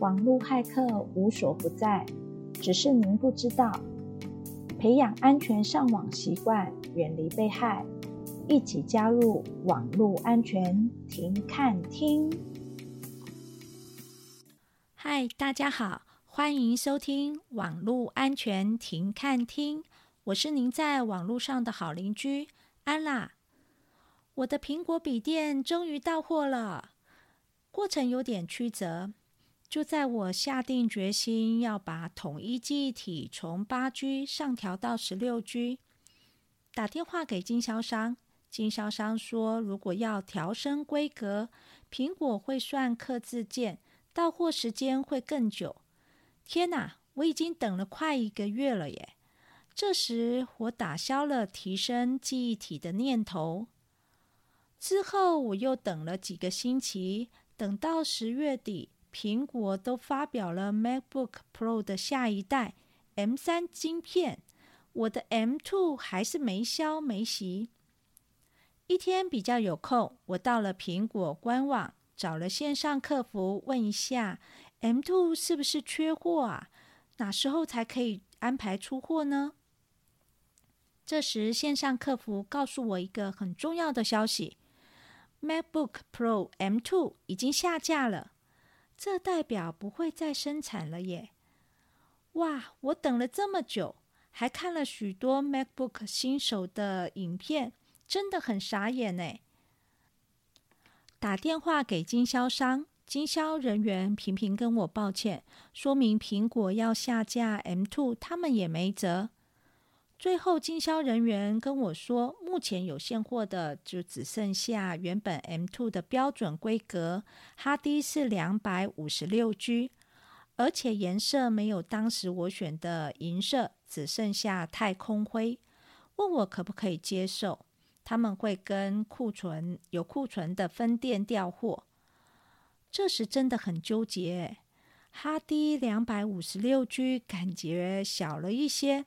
網路駭客無所不在，只是您不知道。培養安全上網習慣，遠離被害，一起加入網路安全停看聽。嗨，大家好，歡迎收聽網路安全停看聽，我是您在網路上的好鄰居，安娜。我的蘋果筆電終於到貨了，過程有點曲折。就在我下定決心要把統一記憶體從八 G 上調到十六 G，打電話給經銷商，經銷商說，如果要調升規格，蘋果會算客製件，到貨時間會更久。天哪，我已經等了快一個月了耶！這時我打消了提升記憶體的念頭。之後我又等了幾個星期，等到十月底。蘋果都發表了 MacBook Pro 的下一代 M3 晶片，我的 M2 還是沒消沒息。一天比較有空，我到了蘋果官網，找了線上客服問一下，M2 是不是缺貨啊？哪時候才可以安排出貨呢？這時線上客服告訴我一個很重要的消息：MacBook Pro M2 已經下架了。這代表不會再生產了耶！哇，我等了這麼久，還看了許多 MacBook 新手的影片，真的很傻眼哎！打電話給經銷商，經銷人員頻頻跟我抱歉，說明蘋果要下架 M2，他們也沒轍。最後，經銷人員跟我說，目前有現貨的就只剩下原本 M2 的標準規格，HD 是兩百五十六 G，而且顏色沒有當時我選的銀色，只剩下太空灰。問我可不可以接受，他們會跟庫存有庫存的分店調貨。這時真的很糾結，HD 兩百五十六 G 感覺小了一些。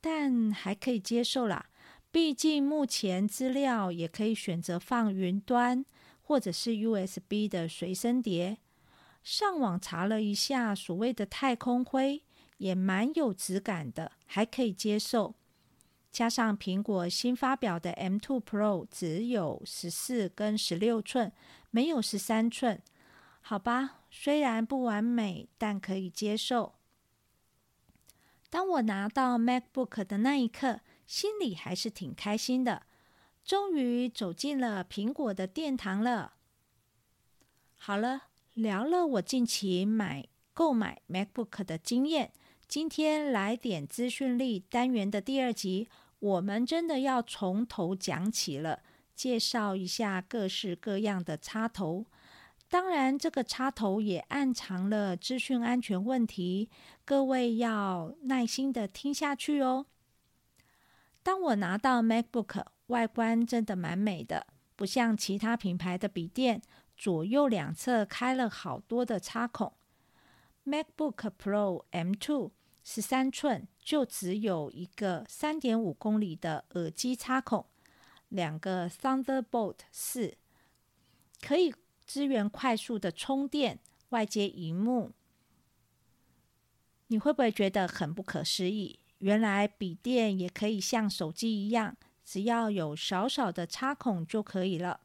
但還可以接受啦，畢竟目前資料也可以選擇放雲端，或者是 USB 的隨身碟。上網查了一下，所謂的太空灰也蠻有質感的，還可以接受。加上蘋果新發表的 M2 Pro 只有十四跟十六寸，沒有十三寸，好吧，雖然不完美，但可以接受。當我拿到 MacBook 的那一刻，心裡還是挺開心的，終於走進了蘋果的殿堂了。好了，聊了我近期買購買 MacBook 的經驗，今天來點資訊力單元的第二集，我們真的要從頭講起了，介紹一下各式各樣的插頭。當然，這個插頭也暗藏了資訊安全問題。各位要耐心的聽下去哦。當我拿到 MacBook，外觀真的蠻美的，不像其他品牌的筆電，左右兩側開了好多的插孔。MacBook Pro M2 十三寸，就只有一個三點五公釐的耳機插孔，兩個 Thunderbolt 四，可以。支援快速的充電，外接螢幕，你會不會覺得很不可思議？原來筆電也可以像手機一樣，只要有少少的插孔就可以了。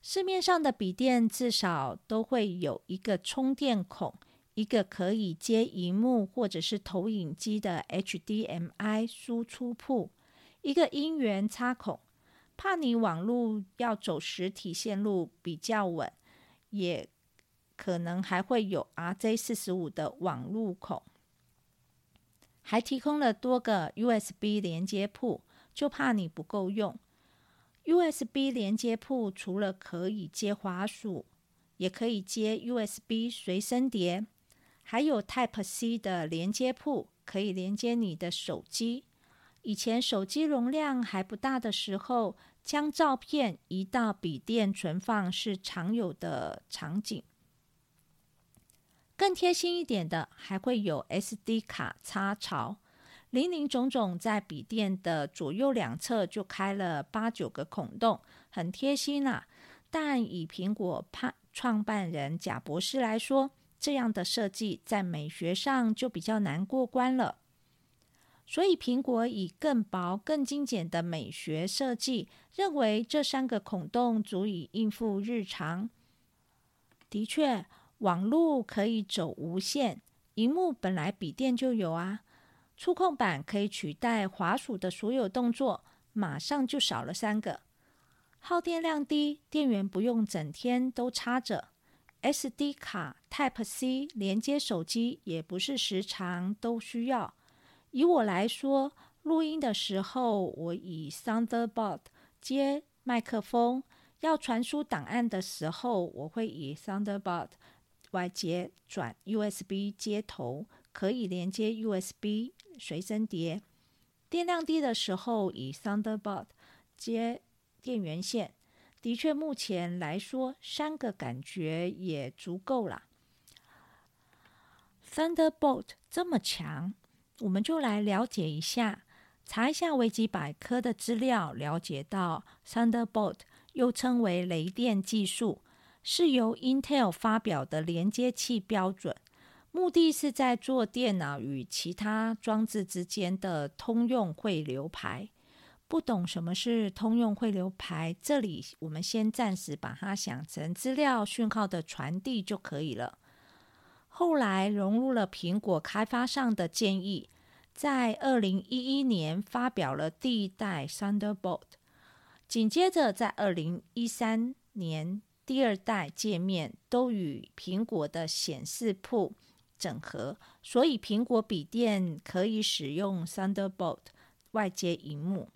市面上的筆電至少都會有一個充電孔，一個可以接螢幕或者是投影機的 HDMI 輸出埠，一個音源插孔。怕你網路要走實體線路比較穩，也可能還會有 RJ 四十五的網路口，還提供了多個 USB 連接埠，就怕你不夠用。USB 連接埠除了可以接滑鼠，也可以接 USB 隨身碟，還有 Type C 的連接埠，可以連接你的手機。以前手機容量還不大的時候，將照片移到筆電存放是常有的場景。更貼心一點的，還會有 SD 卡插槽。林林總總，在筆電的左右兩側就開了八九個孔洞，很貼心啦、啊。但以蘋果派創辦人賈博士來說，這樣的設計在美學上就比較難過關了。所以，蘋果以更薄、更精簡的美學設計，認為這三個孔洞足以應付日常。的確，網路可以走無線，熒幕本來筆電就有啊。觸控板可以取代滑鼠的所有動作，馬上就少了三個。耗電量低，電源不用整天都插着。SD 卡、Type C 連接手機也不是時常都需要。以我來說，錄音的時候我以 Thunderbolt 接麥克風；要傳輸檔案的時候，我會以 Thunderbolt 外接轉 USB 接頭，可以連接 USB 隨身碟。電量低的時候，以 Thunderbolt 接電源線。的確，目前來說，三個感覺也足夠了。Thunderbolt 這麼強。我們就來了解一下，查一下維基百科的資料，了解到 Thunderbolt 又稱為雷電技術，是由 Intel 發表的連接器標準，目的是在做電腦與其他裝置之間的通用匯流排。不懂什麼是通用匯流排，這裡我們先暫時把它想成資料訊號的傳遞就可以了。後來融入了蘋果開發商的建議，在二零一一年發表了第一代 Thunderbolt。緊接着在二零一三年，第二代界面，都與蘋果的顯示埠整合，所以蘋果筆電可以使用 Thunderbolt 外接螢幕。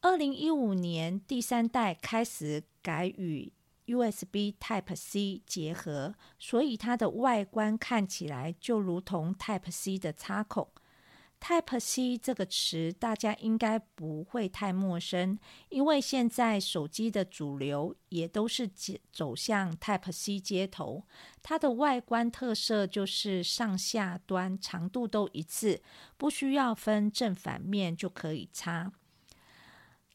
二零一五年第三代開始改與。USB Type C 結合，所以它的外觀看起來就如同 Type C 的插孔。Type C 這個詞大家應該不會太陌生，因為現在手機的主流也都是走走向 Type C 接頭。它的外觀特色就是上下端長度都一致，不需要分正反面就可以插。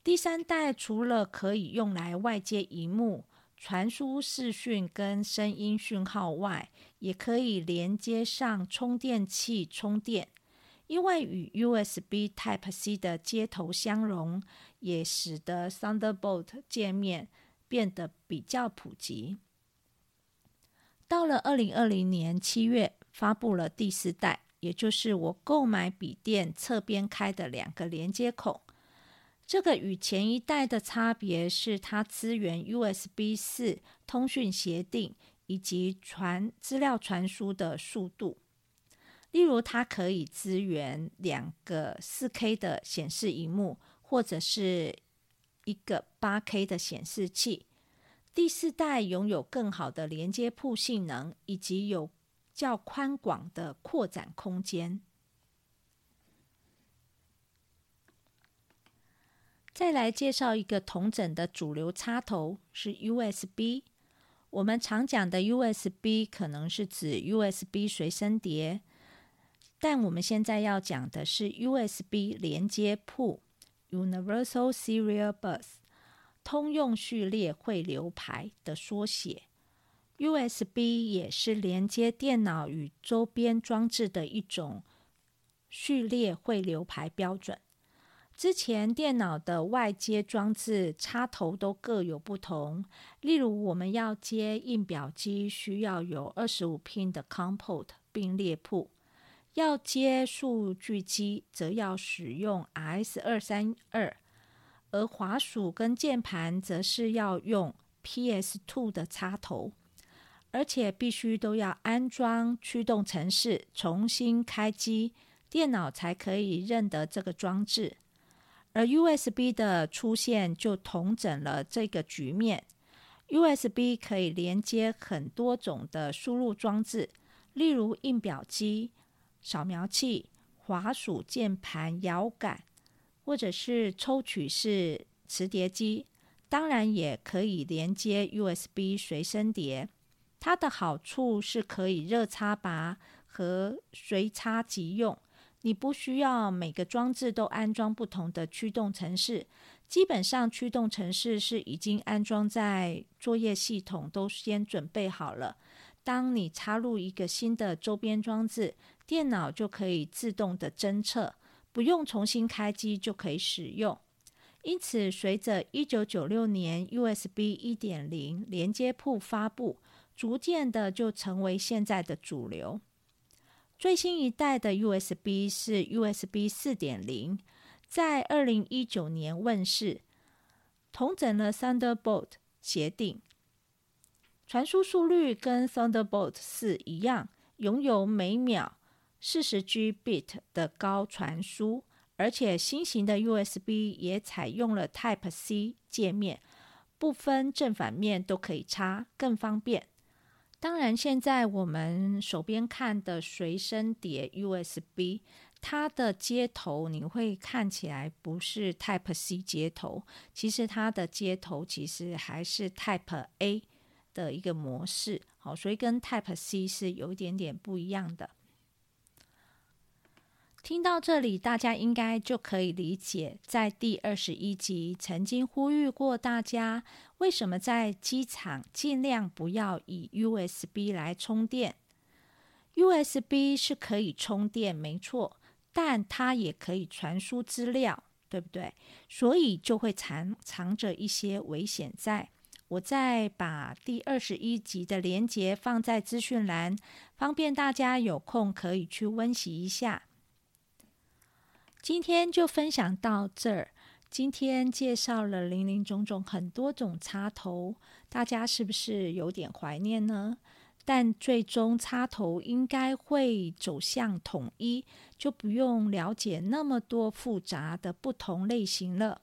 第三代除了可以用來外接熒幕，傳輸視訊跟聲音訊號外，也可以連接上充電器充電，因為與 USB Type C 的接頭相容，也使得 Thunderbolt 界面變得比較普及。到了二零二零年七月，發布了第四代，也就是我購買筆電側邊開的兩個連接孔。這個與前一代的差別是，它支援 USB 四通訊協定以及傳資料傳輸的速度。例如，它可以支援兩個 4K 的顯示螢幕，或者是一個 8K 的顯示器。第四代擁有更好的連接埠性能，以及有較寬廣的擴展空間。再來介紹一個同整的主流插頭是 USB。我們常講的 USB 可能是指 USB 隨身碟，但我們現在要講的是 USB 連接埠 Universal Serial Bus，通用序列匯流排的縮寫。USB 也是連接電腦與周邊裝置的一種序列匯流排標準。之前電腦的外接裝置插頭都各有不同，例如我們要接印表機，需要有二十五 pin 的 Compound 並列埠，要接數據機，則要使用 RS232；而滑鼠跟鍵盤則是要用 PS two 的插頭，而且必須都要安裝驅動程式，重新開機，電腦才可以認得這個裝置。而 USB 的出現就重整了這個局面。USB 可以連接很多種的輸入裝置，例如印表機、掃描器、滑鼠、鍵盤、搖桿，或者是抽取式磁碟機。當然，也可以連接 USB 隨身碟。它的好處是可以熱插拔和隨插即用。你不需要每個裝置都安裝不同的驅動程式，基本上驅動程式是已經安裝在作業系統，都先準備好了。當你插入一個新的周邊裝置，電腦就可以自動的偵測，不用重新開機就可以使用。因此，隨着一九九六年 USB 一點零連接埠發布，逐漸的就成為現在的主流。最新一代的 USB 是 USB 四點零，在二零一九年問世，統整了 Thunderbolt 協定，傳輸速率跟 Thunderbolt 是一樣，擁有每秒四十 Gbit 的高傳輸，而且新型的 USB 也採用了 Type C 界面，不分正反面都可以插，更方便。當然，現在我們手邊看的隨身碟 USB，它的接頭你會看起來不是 Type C 接頭，其實它的接頭其實還是 Type A 的一個模式，好，所以跟 Type C 是有一點點不一樣的。聽到這裡，大家應該就可以理解，在第二十一集曾經呼籲過大家，為什麼在機場儘量不要以 USB 來充電？USB 是可以充電，沒錯，但它也可以傳輸資料，對不對？所以就會藏藏着一些危險在。我再把第二十一集的連接放在資訊欄，方便大家有空可以去溫習一下。今天就分享到這兒。今天介紹了林林總總很多種插頭，大家是不是有點懷念呢？但最終插頭應該會走向統一，就不用了解那麼多複雜的不同類型了。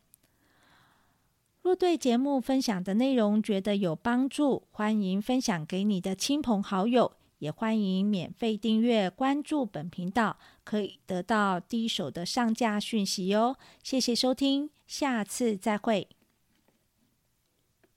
若對節目分享的內容覺得有幫助，歡迎分享給你的親朋好友。也歡迎免費訂閱關注本頻道，可以得到第一手的上架訊息喲、哦。謝謝收聽，下次再會。